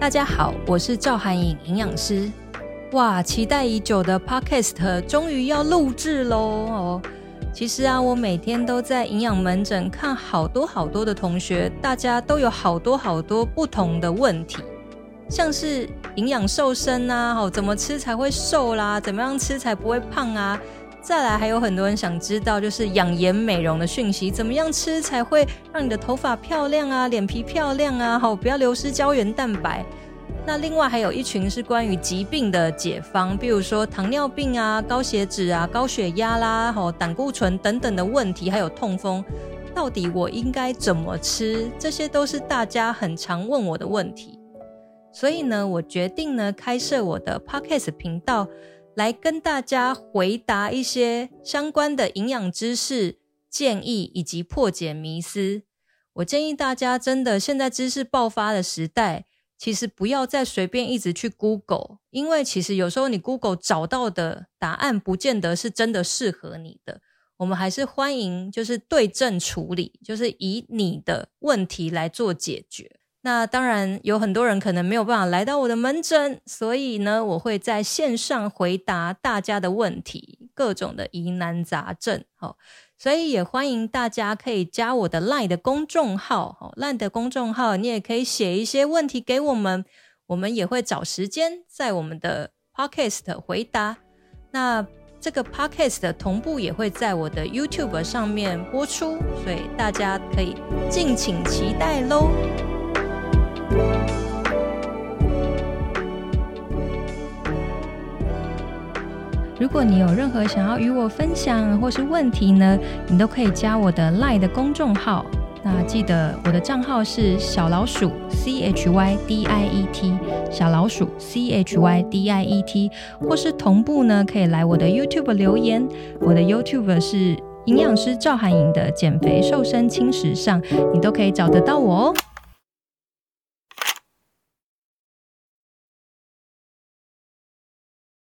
大家好，我是趙函穎營養師。哇，期待已久的 podcast 終於要錄製嘍！哦，其實啊，我每天都在營養門診看好多好多的同學，大家都有好多好多不同的問題，像是營養瘦身吶，啊哦，怎麼吃才會瘦啦，啊，怎麼樣吃才不會胖啊。再來，還有很多人想知道，就是養顏美容的訊息，怎麼樣吃才會讓你的頭髮漂亮啊，臉皮漂亮啊？好，不要流失膠原蛋白。那另外還有一群是關於疾病的解方，比如說糖尿病啊、高血脂啊、高血壓啦、好膽固醇等等的問題，還有痛風，到底我應該怎麼吃？這些都是大家很常問我的問題。所以呢，我決定呢，開設我的 Podcast 頻道。來跟大家回答一些相關的營養知識建議以及破解迷思。我建議大家真的現在知識爆發的時代，其實不要再隨便一直去 Google，因為其實有時候你 Google 找到的答案不見得是真的適合你的。我們還是歡迎就是對症處理，就是以你的問題來做解決。那當然有很多人可能沒有辦法來到我的門診，所以呢，我會在線上回答大家的問題，各種的疑難雜症。哦、所以也歡迎大家可以加我的 LINE 的公眾號，LINE 的公眾號，哦、公眾號你也可以寫一些問題給我們，我們也會找時間在我們的 podcast 回答。那這個 podcast 的同步也會在我的 YouTube 上面播出，所以大家可以敬請期待嘍。如果你有任何想要與我分享或是問題呢，你都可以加我的 Line 的公眾號。那記得我的賬號是小老鼠 c h y d i e t 小老鼠 c h y d i e t 或是同步呢，可以來我的 YouTube 留言。我的 YouTube 是營養師趙函穎的減肥瘦身輕食尚，你都可以找得到我哦。